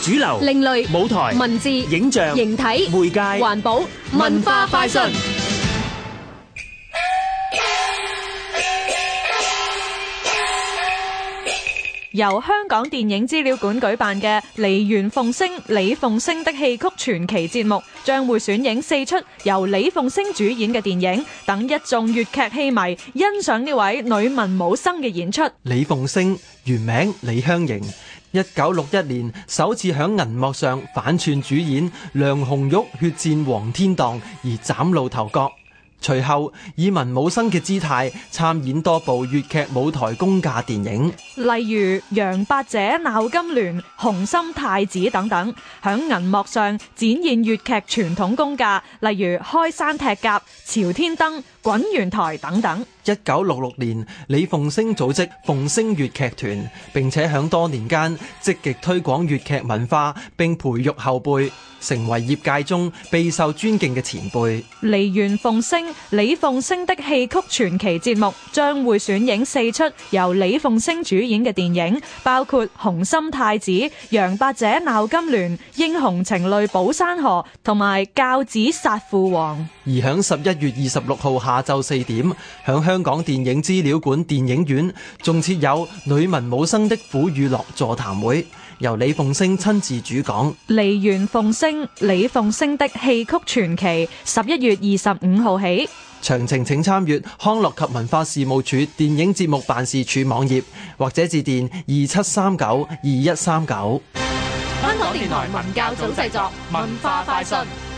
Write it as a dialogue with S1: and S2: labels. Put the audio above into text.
S1: 主流、另類、舞台、文字、影像、形體、媒介、環保、文化、快訊。由香港電影資料館舉辦嘅《梨園鳳聲李鳳聲的戲曲傳奇節目，將會選影四出由李鳳聲主演嘅電影，等一眾粵劇戲迷欣賞呢位女文武生嘅演出。
S2: 李鳳聲原名李香瑩，一九六一年首次響銀幕上反串主演《梁紅玉血戰黃天蕩》，而嶄露頭角。隨後以文武生嘅姿態參演多部粵劇舞台功架電影，
S1: 例如《楊八姐鬧金銮》《紅心太子》等等，響銀幕上展現粵劇傳統功架，例如《開山踢甲》燈《朝天燈》《滾圓台》等等。
S2: 一九六六年，李鳳聲組織鳳聲粵劇團，並且響多年間積極推廣粵劇文化，並培育後輩。成為業界中備受尊敬嘅前輩。
S1: 梨園鳳聲，李鳳聲的戲曲傳奇節目將會選映四齣由李鳳聲主演嘅電影，包括《紅心太子》、《楊八姐鬧金銮》、《英雄情淚保山河》同埋《教子殺父王》。
S2: 而喺十一月二十六號下晝四點，喺香港電影資料館電影院，仲設有女文武生的苦與樂座談會。由李鳳聲親自主講，
S1: 梨園鳳聲李鳳聲的戲曲傳奇，十一月二十五號起，
S2: 詳情請參閱康樂及文化事務署電影節目辦事處網頁或者致電二七三九二一三九。
S1: 香港電台文教組製作，文化快訊。